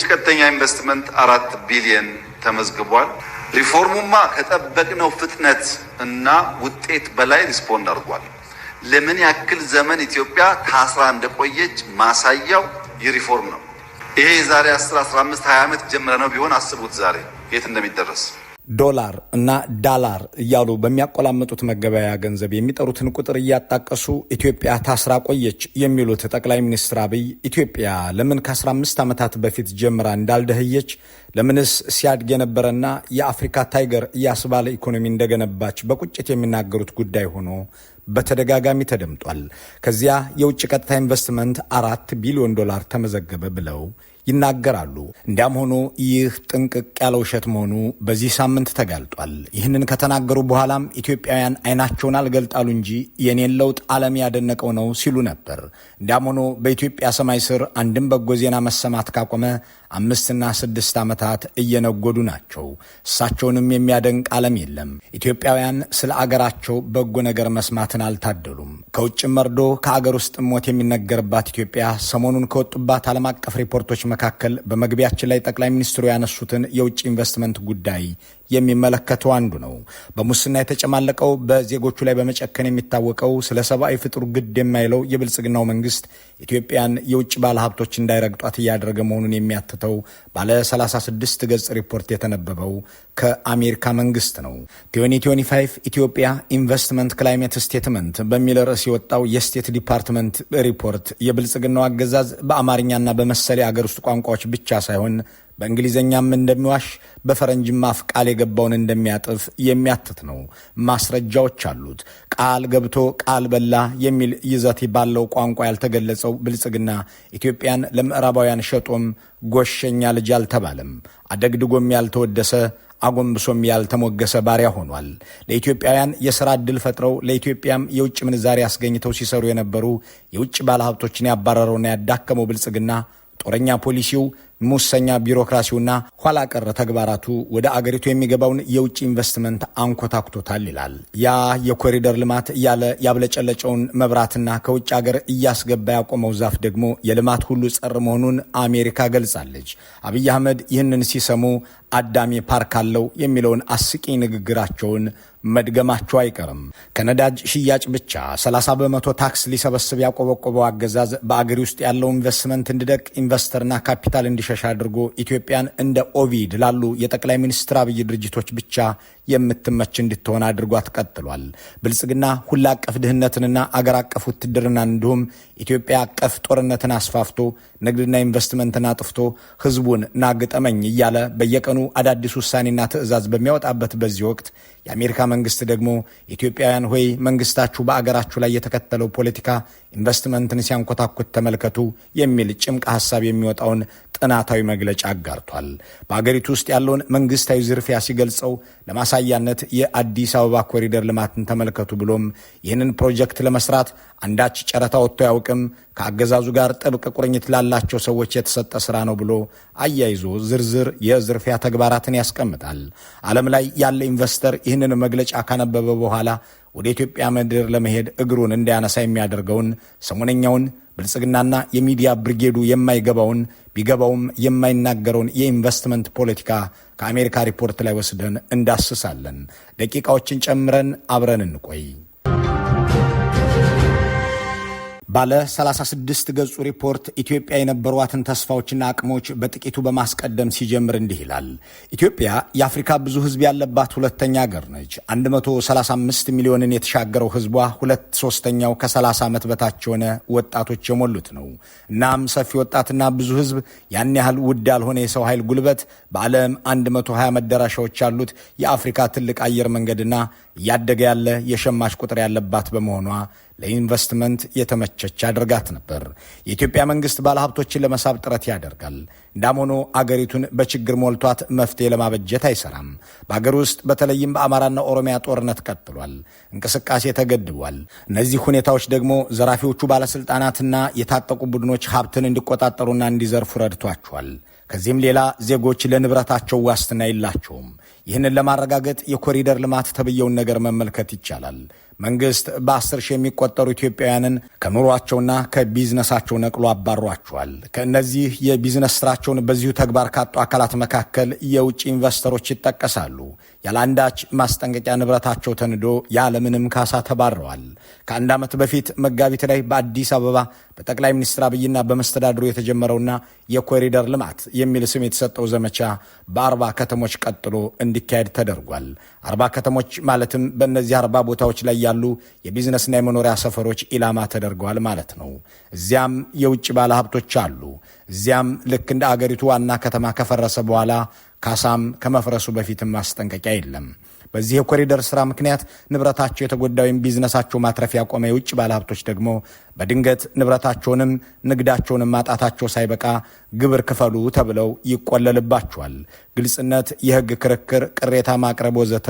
የውጭ ቀጥተኛ ኢንቨስትመንት አራት ቢሊየን ተመዝግቧል። ሪፎርሙማ ከጠበቅነው ፍጥነት እና ውጤት በላይ ሪስፖንድ አድርጓል። ለምን ያክል ዘመን ኢትዮጵያ ታስራ እንደቆየች ማሳያው የሪፎርም ሪፎርም ነው። ይሄ የዛሬ 10፣ 15፣ 20 ዓመት ጀምረ ነው ቢሆን አስቡት ዛሬ የት እንደሚደረስ ዶላር እና ዳላር እያሉ በሚያቆላምጡት መገበያያ ገንዘብ የሚጠሩትን ቁጥር እያጣቀሱ ኢትዮጵያ ታስራ ቆየች የሚሉት ጠቅላይ ሚኒስትር አብይ ኢትዮጵያ ለምን ከ15 ዓመታት በፊት ጀምራ እንዳልደህየች ለምንስ ሲያድግ የነበረና የአፍሪካ ታይገር እያስባለ ኢኮኖሚ እንደገነባች በቁጭት የሚናገሩት ጉዳይ ሆኖ በተደጋጋሚ ተደምጧል። ከዚያ የውጭ ቀጥታ ኢንቨስትመንት አራት ቢሊዮን ዶላር ተመዘገበ ብለው ይናገራሉ። እንዲያም ሆኖ ይህ ጥንቅቅ ያለ ውሸት መሆኑ በዚህ ሳምንት ተጋልጧል። ይህንን ከተናገሩ በኋላም ኢትዮጵያውያን አይናቸውን አልገልጣሉ እንጂ የኔን ለውጥ ዓለም ያደነቀው ነው ሲሉ ነበር። እንዲያም ሆኖ በኢትዮጵያ ሰማይ ስር አንድም በጎ ዜና መሰማት ካቆመ አምስትና ስድስት ዓመታት እየነጎዱ ናቸው። እሳቸውንም የሚያደንቅ ዓለም የለም። ኢትዮጵያውያን ስለ አገራቸው በጎ ነገር መስማትን አልታደሉም። ከውጭም መርዶ ከአገር ውስጥ ሞት የሚነገርባት ኢትዮጵያ ሰሞኑን ከወጡባት ዓለም አቀፍ ሪፖርቶች መካከል በመግቢያችን ላይ ጠቅላይ ሚኒስትሩ ያነሱትን የውጭ ኢንቨስትመንት ጉዳይ የሚመለከቱ አንዱ ነው። በሙስና የተጨማለቀው በዜጎቹ ላይ በመጨከን የሚታወቀው ስለ ሰብአዊ ፍጡር ግድ የማይለው የብልጽግናው መንግስት ኢትዮጵያን የውጭ ባለሀብቶች እንዳይረግጧት እያደረገ መሆኑን የሚያትተው ባለ 36 ገጽ ሪፖርት የተነበበው ከአሜሪካ መንግስት ነው። 2025 ኢትዮጵያ ኢንቨስትመንት ክላይሜት ስቴትመንት በሚል ርዕስ የወጣው የስቴት ዲፓርትመንት ሪፖርት የብልጽግናው አገዛዝ በአማርኛና በመሰሌ አገር ውስጥ ቋንቋዎች ብቻ ሳይሆን በእንግሊዝኛም እንደሚዋሽ በፈረንጅም አፍ ቃል የገባውን እንደሚያጥፍ የሚያትት ነው። ማስረጃዎች አሉት። ቃል ገብቶ ቃል በላ የሚል ይዘት ባለው ቋንቋ ያልተገለጸው ብልጽግና ኢትዮጵያን ለምዕራባውያን ሸጦም ጎሸኛ ልጅ አልተባለም። አደግድጎም ያልተወደሰ አጎንብሶም ያልተሞገሰ ባሪያ ሆኗል። ለኢትዮጵያውያን የሥራ ዕድል ፈጥረው ለኢትዮጵያም የውጭ ምንዛሪ አስገኝተው ሲሰሩ የነበሩ የውጭ ባለሀብቶችን ያባረረውና ያዳከመው ብልጽግና ጦረኛ ፖሊሲው ሙሰኛ ቢሮክራሲውና ኋላ ቀረ ተግባራቱ ወደ አገሪቱ የሚገባውን የውጭ ኢንቨስትመንት አንኮታኩቶታል ይላል። ያ የኮሪደር ልማት እያለ ያብለጨለጨውን መብራትና ከውጭ አገር እያስገባ ያቆመው ዛፍ ደግሞ የልማት ሁሉ ጸር መሆኑን አሜሪካ ገልጻለች። አብይ አህመድ ይህንን ሲሰሙ አዳሚ ፓርክ አለው የሚለውን አስቂ ንግግራቸውን መድገማቸው አይቀርም። ከነዳጅ ሽያጭ ብቻ 30 በመቶ ታክስ ሊሰበስብ ያቆበቆበው አገዛዝ በአገሪ ውስጥ ያለው ኢንቨስትመንት እንዲደቅ ኢንቨስተርና ካፒታል እንዲሸ መሸሻ አድርጎ ኢትዮጵያን እንደ ኦቪድ ላሉ የጠቅላይ ሚኒስትር አብይ ድርጅቶች ብቻ የምትመች እንድትሆን አድርጓት ቀጥሏል። ብልጽግና ሁላ አቀፍ ድህነትንና አገር አቀፍ ውትድርና እንዲሁም ኢትዮጵያ አቀፍ ጦርነትን አስፋፍቶ ንግድና ኢንቨስትመንትን አጥፍቶ ህዝቡን ናግጠመኝ እያለ በየቀኑ አዳዲስ ውሳኔና ትዕዛዝ በሚያወጣበት በዚህ ወቅት የአሜሪካ መንግስት ደግሞ ኢትዮጵያውያን ሆይ መንግስታችሁ በአገራችሁ ላይ የተከተለው ፖለቲካ ኢንቨስትመንትን ሲያንኮታኩት ተመልከቱ የሚል ጭምቅ ሀሳብ የሚወጣውን ጥናታዊ መግለጫ አጋርቷል። በአገሪቱ ውስጥ ያለውን መንግስታዊ ዝርፊያ ሲገልጸው ለማ በማሳያነት የአዲስ አበባ ኮሪደር ልማትን ተመልከቱ ብሎም ይህንን ፕሮጀክት ለመስራት አንዳች ጨረታ ወጥቶ ያውቅም፣ ከአገዛዙ ጋር ጥብቅ ቁርኝት ላላቸው ሰዎች የተሰጠ ስራ ነው ብሎ አያይዞ ዝርዝር የዝርፊያ ተግባራትን ያስቀምጣል። ዓለም ላይ ያለ ኢንቨስተር ይህንን መግለጫ ካነበበ በኋላ ወደ ኢትዮጵያ ምድር ለመሄድ እግሩን እንዳያነሳ የሚያደርገውን ሰሞነኛውን ብልጽግናና የሚዲያ ብርጌዱ የማይገባውን ቢገባውም የማይናገረውን የኢንቨስትመንት ፖለቲካ ከአሜሪካ ሪፖርት ላይ ወስደን እንዳስሳለን። ደቂቃዎችን ጨምረን አብረን እንቆይ። ባለ 36 ገጹ ሪፖርት ኢትዮጵያ የነበሯትን ተስፋዎችና አቅሞች በጥቂቱ በማስቀደም ሲጀምር እንዲህ ይላል። ኢትዮጵያ የአፍሪካ ብዙ ሕዝብ ያለባት ሁለተኛ ሀገር ነች። 135 ሚሊዮንን የተሻገረው ሕዝቧ ሁለት ሶስተኛው ከ30 ዓመት በታች የሆነ ወጣቶች የሞሉት ነው። እናም ሰፊ ወጣትና ብዙ ሕዝብ ያን ያህል ውድ ያልሆነ የሰው ኃይል ጉልበት፣ በዓለም 120 መዳረሻዎች ያሉት የአፍሪካ ትልቅ አየር መንገድና እያደገ ያለ የሸማች ቁጥር ያለባት በመሆኗ ለኢንቨስትመንት የተመቸች አድርጋት ነበር። የኢትዮጵያ መንግስት ባለሀብቶችን ለመሳብ ጥረት ያደርጋል። እንዳም ሆኖ አገሪቱን በችግር ሞልቷት መፍትሄ ለማበጀት አይሰራም። በአገር ውስጥ በተለይም በአማራና ኦሮሚያ ጦርነት ቀጥሏል። እንቅስቃሴ ተገድቧል። እነዚህ ሁኔታዎች ደግሞ ዘራፊዎቹ ባለስልጣናትና የታጠቁ ቡድኖች ሀብትን እንዲቆጣጠሩና እንዲዘርፉ ረድቷቸዋል። ከዚህም ሌላ ዜጎች ለንብረታቸው ዋስትና የላቸውም። ይህንን ለማረጋገጥ የኮሪደር ልማት ተብየውን ነገር መመልከት ይቻላል። መንግስት በአስር ሺህ የሚቆጠሩ ኢትዮጵያውያንን ከኑሯቸውና ከቢዝነሳቸው ነቅሎ አባሯቸዋል። ከእነዚህ የቢዝነስ ስራቸውን በዚሁ ተግባር ካጡ አካላት መካከል የውጭ ኢንቨስተሮች ይጠቀሳሉ። ያለአንዳች ማስጠንቀቂያ ንብረታቸው ተንዶ ያለምንም ካሳ ተባረዋል። ከአንድ ዓመት በፊት መጋቢት ላይ በአዲስ አበባ በጠቅላይ ሚኒስትር አብይና በመስተዳድሩ የተጀመረውና የኮሪደር ልማት የሚል ስም የተሰጠው ዘመቻ በአርባ ከተሞች ቀጥሎ እንዲካሄድ ተደርጓል። አርባ ከተሞች ማለትም በእነዚህ አርባ ቦታዎች ላይ ያሉ የቢዝነስና የመኖሪያ ሰፈሮች ኢላማ ተደርገዋል ማለት ነው። እዚያም የውጭ ባለሀብቶች አሉ። እዚያም ልክ እንደ አገሪቱ ዋና ከተማ ከፈረሰ በኋላ ካሳም ከመፍረሱ በፊትም ማስጠንቀቂያ የለም። በዚህ የኮሪደር ስራ ምክንያት ንብረታቸው የተጎዳ ወይም ቢዝነሳቸው ማትረፍ ያቆመ የውጭ ባለሀብቶች ደግሞ በድንገት ንብረታቸውንም ንግዳቸውንም ማጣታቸው ሳይበቃ ግብር ክፈሉ ተብለው ይቆለልባቸዋል። ግልጽነት፣ የህግ ክርክር፣ ቅሬታ ማቅረብ ወዘተ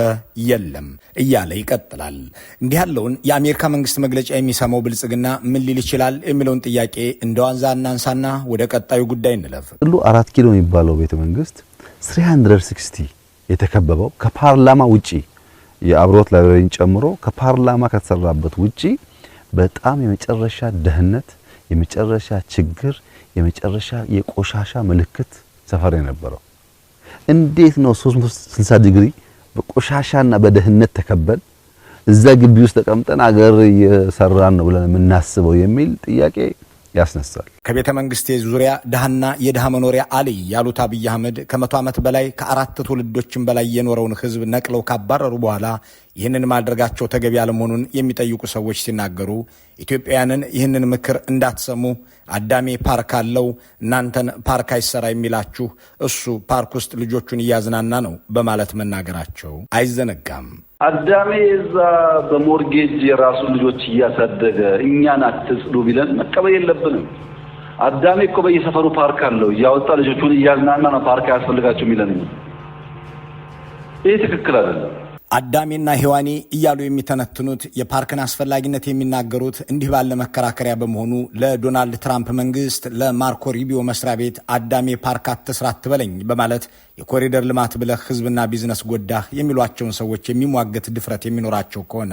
የለም እያለ ይቀጥላል። እንዲህ ያለውን የአሜሪካ መንግስት መግለጫ የሚሰማው ብልጽግና ምን ሊል ይችላል የሚለውን ጥያቄ እንደ ዋንዛ እናንሳና ወደ ቀጣዩ ጉዳይ እንለፍ። አራት ኪሎ የሚባለው ቤተ መንግስት 360 የተከበበው ከፓርላማ ውጪ የአብሮት ላይብረሪን ጨምሮ ከፓርላማ ከተሰራበት ውጪ በጣም የመጨረሻ ደህንነት፣ የመጨረሻ ችግር፣ የመጨረሻ የቆሻሻ ምልክት ሰፈር የነበረው እንዴት ነው 360 ዲግሪ በቆሻሻና በደህንነት ተከበን እዛ ግቢ ውስጥ ተቀምጠን አገር እየሰራን ነው ብለን የምናስበው የሚል ጥያቄ ያስነሳል። ከቤተ መንግስቴ ዙሪያ ድሃና የድሃ መኖሪያ አልይ ያሉት አብይ አህመድ ከመቶ ዓመት በላይ ከአራት ትውልዶችን በላይ የኖረውን ህዝብ ነቅለው ካባረሩ በኋላ ይህንን ማድረጋቸው ተገቢ አለመሆኑን የሚጠይቁ ሰዎች ሲናገሩ ኢትዮጵያውያንን ይህንን ምክር እንዳትሰሙ አዳሜ ፓርክ አለው እናንተን ፓርክ አይሰራ የሚላችሁ እሱ ፓርክ ውስጥ ልጆቹን እያዝናና ነው በማለት መናገራቸው አይዘነጋም። አዳሜ እዛ በሞርጌጅ የራሱን ልጆች እያሳደገ እኛን አትጽዱ ቢለን መቀበል የለብንም። አዳሜ እኮ በየሰፈሩ ፓርክ አለው እያወጣ ልጆቹን እያዝናና ነው ፓርክ አያስፈልጋቸው የሚለን ይህ ትክክል አይደለም። አዳሜና ሔዋኔ እያሉ የሚተነትኑት የፓርክን አስፈላጊነት የሚናገሩት እንዲህ ባለ መከራከሪያ በመሆኑ ለዶናልድ ትራምፕ መንግስት ለማርኮ ሪቢዮ መስሪያ ቤት አዳሜ ፓርክ አትስራ አትበለኝ በማለት የኮሪደር ልማት ብለህ ህዝብና ቢዝነስ ጎዳህ የሚሏቸውን ሰዎች የሚሟገት ድፍረት የሚኖራቸው ከሆነ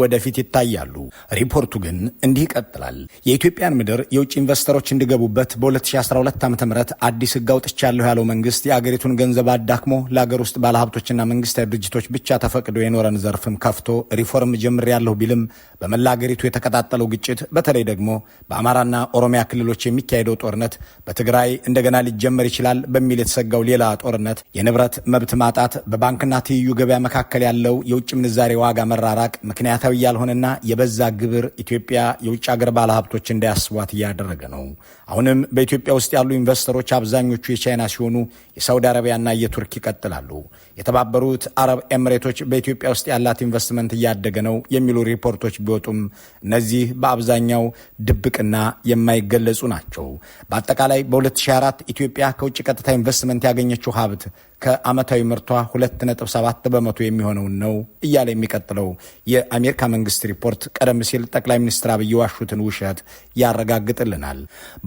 ወደፊት ይታያሉ። ሪፖርቱ ግን እንዲህ ይቀጥላል። የኢትዮጵያን ምድር የውጭ ኢንቨስተሮች እንዲገቡበት በ2012 ዓ ም አዲስ ህግ አውጥቻለሁ ያለው መንግስት የአገሪቱን ገንዘብ አዳክሞ ለአገር ውስጥ ባለሀብቶችና መንግስታዊ ድርጅቶች ብቻ ተፈቅዶ የኖረን ዘርፍም ከፍቶ ሪፎርም ጀምሬያለሁ ቢልም በመላ አገሪቱ የተቀጣጠለው ግጭት በተለይ ደግሞ በአማራና ኦሮሚያ ክልሎች የሚካሄደው ጦርነት በትግራይ እንደገና ሊጀመር ይችላል በሚል የተሰጋው ሌላ ጦርነት፣ የንብረት መብት ማጣት፣ በባንክና ትይዩ ገበያ መካከል ያለው የውጭ ምንዛሬ ዋጋ መራራቅ ምክንያት መሰረታዊ ያልሆነና የበዛ ግብር ኢትዮጵያ የውጭ ሀገር ባለሀብቶች እንዳያስቧት እያደረገ ነው። አሁንም በኢትዮጵያ ውስጥ ያሉ ኢንቨስተሮች አብዛኞቹ የቻይና ሲሆኑ የሳውዲ አረቢያና የቱርክ ይቀጥላሉ። የተባበሩት አረብ ኤምሬቶች በኢትዮጵያ ውስጥ ያላት ኢንቨስትመንት እያደገ ነው የሚሉ ሪፖርቶች ቢወጡም እነዚህ በአብዛኛው ድብቅና የማይገለጹ ናቸው። በአጠቃላይ በ2024 ኢትዮጵያ ከውጭ ቀጥታ ኢንቨስትመንት ያገኘችው ሀብት ከአመታዊ ምርቷ 2.7 በመቶ የሚሆነውን ነው እያለ የሚቀጥለው የአሜሪካ መንግስት ሪፖርት ቀደም ሲል ጠቅላይ ሚኒስትር አብይ ዋሹትን ውሸት ያረጋግጥልናል።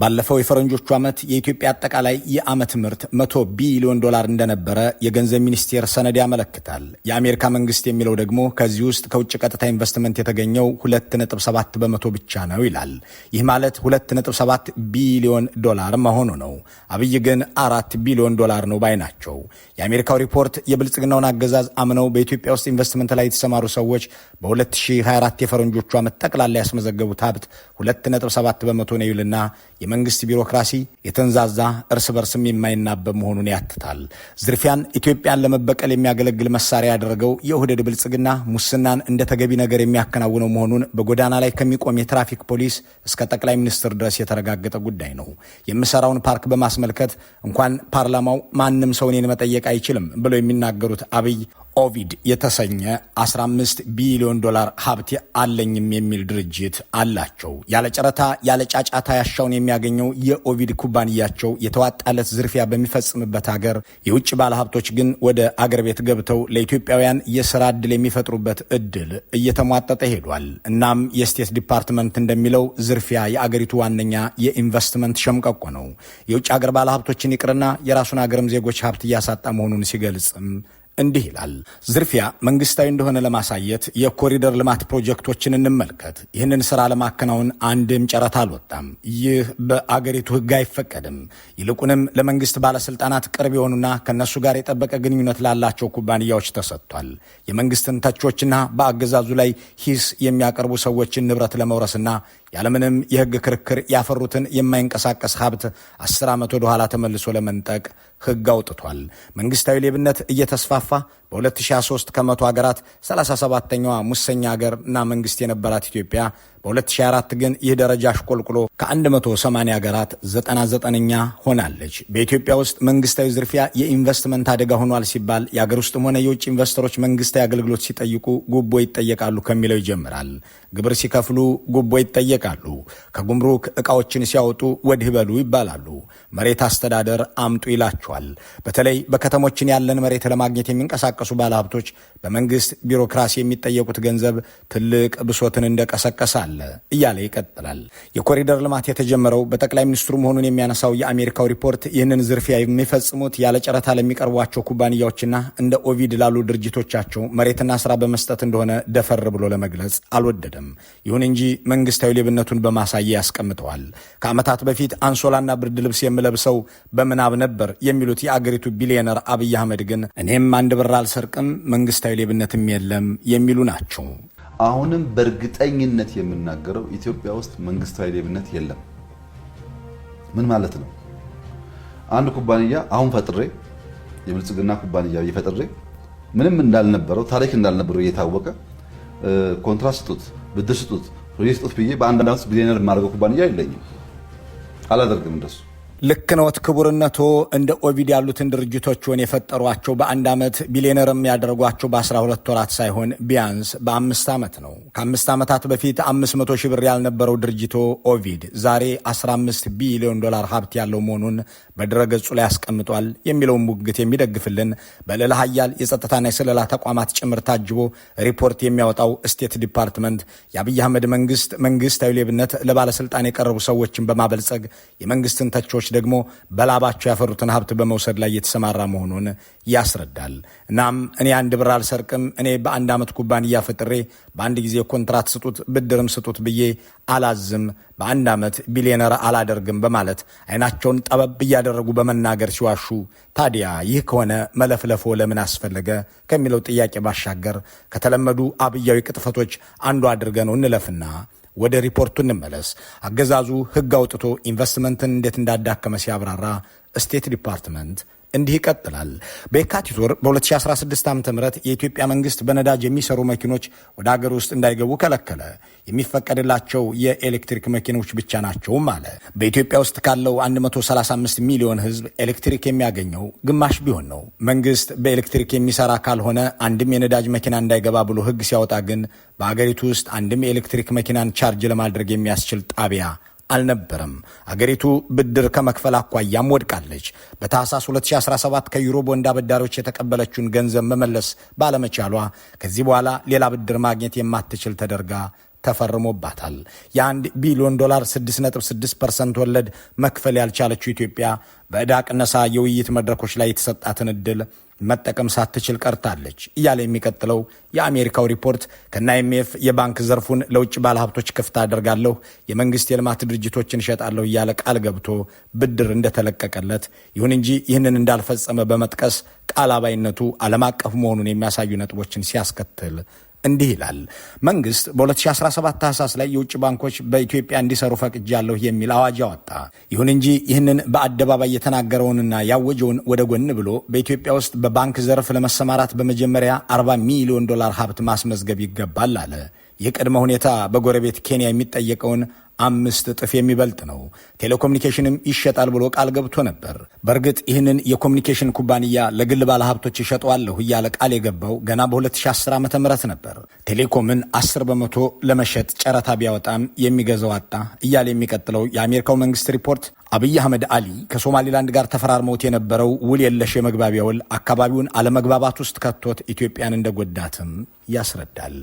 ባለፈው የፈረንጆቹ ዓመት የኢትዮጵያ አጠቃላይ የዓመት ምርት 100 ቢሊዮን ዶላር እንደነበረ የገንዘብ ሚኒስቴር ሰነድ ያመለክታል። የአሜሪካ መንግስት የሚለው ደግሞ ከዚህ ውስጥ ከውጭ ቀጥታ ኢንቨስትመንት የተገኘው 2.7 በመቶ ብቻ ነው ይላል። ይህ ማለት 2.7 ቢሊዮን ዶላር መሆኑ ነው። አብይ ግን አራት ቢሊዮን ዶላር ነው ባይ ናቸው። የአሜሪካው ሪፖርት የብልጽግናውን አገዛዝ አምነው በኢትዮጵያ ውስጥ ኢንቨስትመንት ላይ የተሰማሩ ሰዎች በ2024 የፈረንጆቹ ዓመት ጠቅላላ ያስመዘገቡት ሀብት 2.7 በመቶ ነው ይልና የመንግስት ቢሮክራሲ የተንዛዛ እርስ በርስም የማይናበብ መሆኑን ያትታል። ዝርፊያን ኢትዮጵያን ለመበቀል የሚያገለግል መሳሪያ ያደረገው የውህደድ ብልጽግና ሙስናን እንደ ተገቢ ነገር የሚያከናውነው መሆኑን በጎዳና ላይ ከሚቆም የትራፊክ ፖሊስ እስከ ጠቅላይ ሚኒስትር ድረስ የተረጋገጠ ጉዳይ ነው። የምሰራውን ፓርክ በማስመልከት እንኳን ፓርላማው ማንም ሰው እኔን መጠየቅ አይችልም ብለው የሚናገሩት አብይ ኦቪድ የተሰኘ 15 ቢሊዮን ዶላር ሀብት አለኝም የሚል ድርጅት አላቸው። ያለ ጨረታ ያለ ጫጫታ ያሻውን የሚያገኘው የኦቪድ ኩባንያቸው የተዋጣለት ዝርፊያ በሚፈጽምበት አገር የውጭ ባለሀብቶች ግን ወደ አገር ቤት ገብተው ለኢትዮጵያውያን የስራ ዕድል የሚፈጥሩበት እድል እየተሟጠጠ ሄዷል። እናም የስቴት ዲፓርትመንት እንደሚለው ዝርፊያ የአገሪቱ ዋነኛ የኢንቨስትመንት ሸምቀቆ ነው። የውጭ አገር ባለሀብቶችን ይቅርና የራሱን አገርም ዜጎች ሀብት እያሳጣ መሆኑን ሲገልጽም እንዲህ ይላል። ዝርፊያ መንግስታዊ እንደሆነ ለማሳየት የኮሪደር ልማት ፕሮጀክቶችን እንመልከት። ይህንን ስራ ለማከናወን አንድም ጨረታ አልወጣም። ይህ በአገሪቱ ህግ አይፈቀድም። ይልቁንም ለመንግስት ባለስልጣናት ቅርብ የሆኑና ከእነሱ ጋር የጠበቀ ግንኙነት ላላቸው ኩባንያዎች ተሰጥቷል። የመንግስትን ተቾችና በአገዛዙ ላይ ሂስ የሚያቀርቡ ሰዎችን ንብረት ለመውረስና ያለምንም የህግ ክርክር ያፈሩትን የማይንቀሳቀስ ሀብት አስር ዓመት ወደኋላ ተመልሶ ለመንጠቅ ህግ አውጥቷል። መንግስታዊ ሌብነት እየተስፋፋ በ2023 ከመቶ ሀገራት 37ኛዋ ሙሰኛ ሀገር እና መንግስት የነበራት ኢትዮጵያ በ2024 ግን ይህ ደረጃ አሽቆልቁሎ ከ180 ሀገራት 99ኛ ሆናለች። በኢትዮጵያ ውስጥ መንግስታዊ ዝርፊያ የኢንቨስትመንት አደጋ ሆኗል ሲባል የአገር ውስጥም ሆነ የውጭ ኢንቨስተሮች መንግስታዊ አገልግሎት ሲጠይቁ ጉቦ ይጠየቃሉ ከሚለው ይጀምራል። ግብር ሲከፍሉ ጉቦ ይጠየቃሉ። ከጉምሩክ እቃዎችን ሲያወጡ ወድህ በሉ ይባላሉ። መሬት አስተዳደር አምጡ ይላቸዋል። በተለይ በከተሞችን ያለን መሬት ለማግኘት የሚንቀሳቀሱ ባለሀብቶች በመንግስት ቢሮክራሲ የሚጠየቁት ገንዘብ ትልቅ ብሶትን እንደቀሰቀሳል አለ እያለ ይቀጥላል። የኮሪደር ልማት የተጀመረው በጠቅላይ ሚኒስትሩ መሆኑን የሚያነሳው የአሜሪካው ሪፖርት ይህንን ዝርፊያ የሚፈጽሙት ያለ ጨረታ ለሚቀርቧቸው ኩባንያዎችና እንደ ኦቪድ ላሉ ድርጅቶቻቸው መሬትና ስራ በመስጠት እንደሆነ ደፈር ብሎ ለመግለጽ አልወደደም። ይሁን እንጂ መንግስታዊ ሌብነቱን በማሳየ ያስቀምጠዋል። ከዓመታት በፊት አንሶላና ብርድ ልብስ የምለብሰው በምናብ ነበር የሚሉት የአገሪቱ ቢሊዮነር አብይ አህመድ ግን እኔም አንድ ብር አልሰርቅም፣ መንግስታዊ ሌብነትም የለም የሚሉ ናቸው። አሁንም በእርግጠኝነት የምናገረው ኢትዮጵያ ውስጥ መንግስታዊ ሌብነት የለም። ምን ማለት ነው? አንድ ኩባንያ አሁን ፈጥሬ የብልጽግና ኩባንያ እየፈጥሬ ምንም እንዳልነበረው ታሪክ እንዳልነበረው እየታወቀ ኮንትራት ስጡት፣ ብድር ስጡት፣ ፕሮጀክት ስጡት ብዬ በአንድ ዓመት ውስጥ ቢሊዮነር የማደርገው ኩባንያ የለኝም። አላደርግም እንደሱ ልክ ነዎት ክቡርነቶ። እንደ ኦቪድ ያሉትን ድርጅቶችን የፈጠሯቸው በአንድ ዓመት ቢሊዮነርም ያደርጓቸው በ12 ወራት ሳይሆን ቢያንስ በአምስት ዓመት ነው። ከአምስት ዓመታት በፊት መቶ ሺህ ብር ያልነበረው ድርጅቶ ኦቪድ ዛሬ 15 ቢሊዮን ዶላር ሀብት ያለው መሆኑን በድረገጹ ላይ አስቀምጧል የሚለውን ሙግት የሚደግፍልን በልዕለ ኃያል የጸጥታና የስለላ ተቋማት ጭምር ታጅቦ ሪፖርት የሚያወጣው ስቴት ዲፓርትመንት የአብይ አህመድ መንግስት መንግስታዊ ሌብነት ለባለስልጣን የቀረቡ ሰዎችን በማበልጸግ የመንግስትን ተቾች ደግሞ በላባቸው ያፈሩትን ሀብት በመውሰድ ላይ የተሰማራ መሆኑን ያስረዳል። እናም እኔ አንድ ብር አልሰርቅም፣ እኔ በአንድ ዓመት ኩባንያ ፈጥሬ በአንድ ጊዜ ኮንትራት ስጡት ብድርም ስጡት ብዬ አላዝም በአንድ ዓመት ቢሊዮነር አላደርግም በማለት አይናቸውን ጠበብ እያደረጉ በመናገር ሲዋሹ፣ ታዲያ ይህ ከሆነ መለፍለፎ ለምን አስፈለገ ከሚለው ጥያቄ ባሻገር ከተለመዱ አብያዊ ቅጥፈቶች አንዱ አድርገነው እንለፍና ወደ ሪፖርቱ እንመለስ። አገዛዙ ሕግ አውጥቶ ኢንቨስትመንትን እንዴት እንዳዳከመ ሲያብራራ ስቴት ዲፓርትመንት እንዲህ ይቀጥላል። በየካቲት ወር በ2016 ዓ ም የኢትዮጵያ መንግስት በነዳጅ የሚሰሩ መኪኖች ወደ አገር ውስጥ እንዳይገቡ ከለከለ። የሚፈቀድላቸው የኤሌክትሪክ መኪኖች ብቻ ናቸውም አለ። በኢትዮጵያ ውስጥ ካለው 135 ሚሊዮን ህዝብ ኤሌክትሪክ የሚያገኘው ግማሽ ቢሆን ነው። መንግስት በኤሌክትሪክ የሚሰራ ካልሆነ አንድም የነዳጅ መኪና እንዳይገባ ብሎ ህግ ሲያወጣ ግን በአገሪቱ ውስጥ አንድም የኤሌክትሪክ መኪናን ቻርጅ ለማድረግ የሚያስችል ጣቢያ አልነበረም። አገሪቱ ብድር ከመክፈል አኳያም ወድቃለች። በታህሳስ 2017 ከዩሮ ቦንድ አበዳሪዎች የተቀበለችውን ገንዘብ መመለስ ባለመቻሏ ከዚህ በኋላ ሌላ ብድር ማግኘት የማትችል ተደርጋ ተፈርሞባታል። የአንድ ቢሊዮን ዶላር 6.6 ፐርሰንት ወለድ መክፈል ያልቻለችው ኢትዮጵያ በዕዳ ቅነሳ የውይይት መድረኮች ላይ የተሰጣትን እድል መጠቀም ሳትችል ቀርታለች እያለ የሚቀጥለው የአሜሪካው ሪፖርት ከና የባንክ ዘርፉን ለውጭ ባለሀብቶች ክፍት አደርጋለሁ፣ የመንግስት የልማት ድርጅቶችን እሸጣለሁ እያለ ቃል ገብቶ ብድር እንደተለቀቀለት፣ ይሁን እንጂ ይህንን እንዳልፈጸመ በመጥቀስ ቃል አባይነቱ ዓለም አቀፍ መሆኑን የሚያሳዩ ነጥቦችን ሲያስከትል እንዲህ ይላል። መንግስት በ2017 ታህሳስ ላይ የውጭ ባንኮች በኢትዮጵያ እንዲሰሩ ፈቅጃለሁ የሚል አዋጅ አወጣ። ይሁን እንጂ ይህንን በአደባባይ የተናገረውንና ያወጀውን ወደ ጎን ብሎ በኢትዮጵያ ውስጥ በባንክ ዘርፍ ለመሰማራት በመጀመሪያ 40 ሚሊዮን ዶላር ሀብት ማስመዝገብ ይገባል አለ። የቅድመ ሁኔታ በጎረቤት ኬንያ የሚጠየቀውን አምስት እጥፍ የሚበልጥ ነው። ቴሌኮሙኒኬሽንም ይሸጣል ብሎ ቃል ገብቶ ነበር። በእርግጥ ይህንን የኮሚኒኬሽን ኩባንያ ለግል ባለሀብቶች ይሸጠዋለሁ እያለ ቃል የገባው ገና በ2010 ዓ ም ነበር። ቴሌኮምን 10 በመቶ ለመሸጥ ጨረታ ቢያወጣም የሚገዛው አጣ እያለ የሚቀጥለው የአሜሪካው መንግስት ሪፖርት አብይ አህመድ አሊ ከሶማሌላንድ ጋር ተፈራርመውት የነበረው ውል የለሽ የመግባቢያ ውል አካባቢውን አለመግባባት ውስጥ ከቶት ኢትዮጵያን እንደጎዳትም ያስረዳል።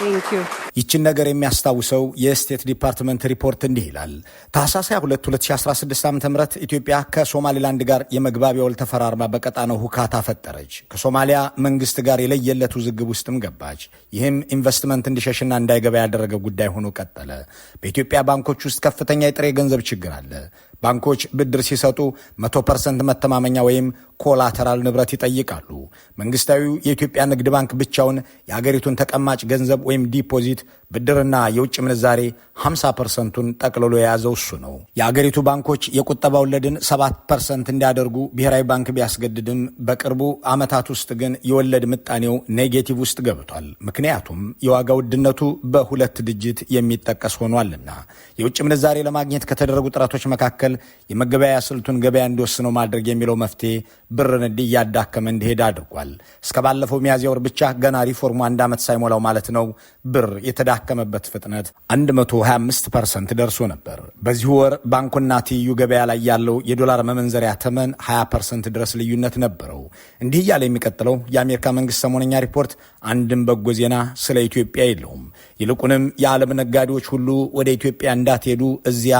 Thank you. ይችን ነገር የሚያስታውሰው የስቴት ዲፓርትመንት ሪፖርት እንዲህ ይላል። ታህሳስ 22 2016 ዓ ም ኢትዮጵያ ከሶማሌላንድ ጋር የመግባቢያ ውል ተፈራርማ በቀጣነው ሁካታ ፈጠረች። ከሶማሊያ መንግስት ጋር የለየለት ውዝግብ ውስጥም ገባች። ይህም ኢንቨስትመንት እንዲሸሽና እንዳይገባ ያደረገ ጉዳይ ሆኖ ቀጠለ። በኢትዮጵያ ባንኮች ውስጥ ከፍተኛ የጥሬ ገንዘብ ችግር አለ። ባንኮች ብድር ሲሰጡ መቶ ፐርሰንት መተማመኛ ወይም ኮላተራል ንብረት ይጠይቃሉ። መንግስታዊው የኢትዮጵያ ንግድ ባንክ ብቻውን የአገሪቱን ተቀማጭ ገንዘብ ወይም ዲፖዚት need ብድርና የውጭ ምንዛሬ 50 ፐርሰንቱን ጠቅልሎ የያዘው እሱ ነው። የአገሪቱ ባንኮች የቁጠባ ወለድን 7 ፐርሰንት እንዲያደርጉ ብሔራዊ ባንክ ቢያስገድድም በቅርቡ ዓመታት ውስጥ ግን የወለድ ምጣኔው ኔጌቲቭ ውስጥ ገብቷል። ምክንያቱም የዋጋ ውድነቱ በሁለት ድጅት የሚጠቀስ ሆኗልና። የውጭ ምንዛሬ ለማግኘት ከተደረጉ ጥረቶች መካከል የመገበያያ ስልቱን ገበያ እንዲወስነው ማድረግ የሚለው መፍትሄ ብርን እያዳከመ እንዲሄድ አድርጓል። እስከ ባለፈው ሚያዝያ ወር ብቻ ገና ሪፎርሙ አንድ ዓመት ሳይሞላው ማለት ነው ብር የተዳ የተዳከመበት ፍጥነት 125 ፐርሰንት ደርሶ ነበር። በዚህ ወር ባንኩና ትይዩ ገበያ ላይ ያለው የዶላር መመንዘሪያ ተመን 20 ፐርሰንት ድረስ ልዩነት ነበረው። እንዲህ እያለ የሚቀጥለው የአሜሪካ መንግስት ሰሞነኛ ሪፖርት አንድም በጎ ዜና ስለ ኢትዮጵያ የለውም። ይልቁንም የዓለም ነጋዴዎች ሁሉ ወደ ኢትዮጵያ እንዳትሄዱ እዚያ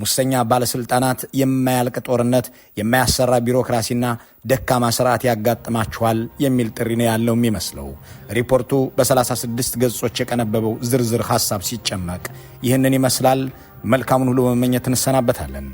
ሙሰኛ ባለስልጣናት፣ የማያልቅ ጦርነት፣ የማያሰራ ቢሮክራሲና ደካማ ስርዓት ያጋጥማችኋል የሚል ጥሪ ነው ያለው የሚመስለው። ሪፖርቱ በ36 ገጾች የቀነበበው ዝርዝር ሐሳብ ሲጨመቅ ይህንን ይመስላል። መልካሙን ሁሉ በመመኘት እንሰናበታለን።